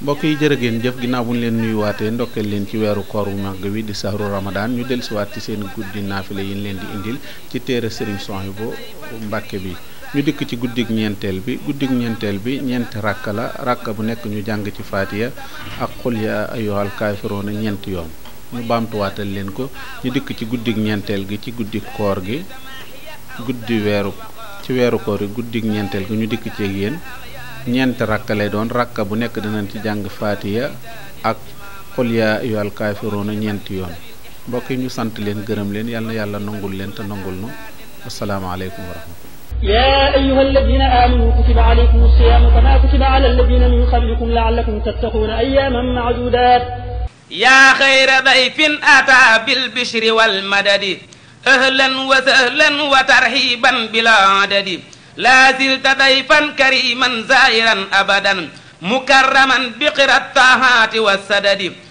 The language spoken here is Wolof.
mbokk yi jërë ngeen jëf ginnaaw bu ñu leen nuyuwaatee ndokkeel leen ci weeru koor wu màgg wi di sahru ramadan ñu dellusiwaat ci seeni guddi naafile yi ñu leen di indil ci téere Serigne Souhaïbou Mbàkke bi ñu dikk ci guddig ñeenteel bi guddig ñeenteel bi ñeent rakk la rakk bu nekk ñu jàng ci faatiya ak xul ya ayyuhal kaafiruuna ñeent yoon ñu baamtuwaatal leen ko ñu dikk ci guddig ñeenteel gi ci guddig koor gi guddi weeru ci weeru koor gi guddig ñeenteel gi ñu dikk ci yéen ñeenti rakk lay doon rakk bu nekk dinañ ci jàng faatiya ak xul yaa ayyuhal kaafiruuna ñeenti yoon mbokk yi ñu sant leen gërëm leen yal yàlla nangul leen te nangul nu asalaamaaleykum wa rahmatullah يا أيها الذين آمنوا كتب عليكم الصيام كما كتب على الذين من قبلكم لعلكم تتقون أياما معدودات يا خير ضيف أتى بالبشر والمدد أهلا وسهلا وترحيبا بلا عدد laa zilta dayfan kariman zairan abadan mukarraman biqirat tahaati wa sadadi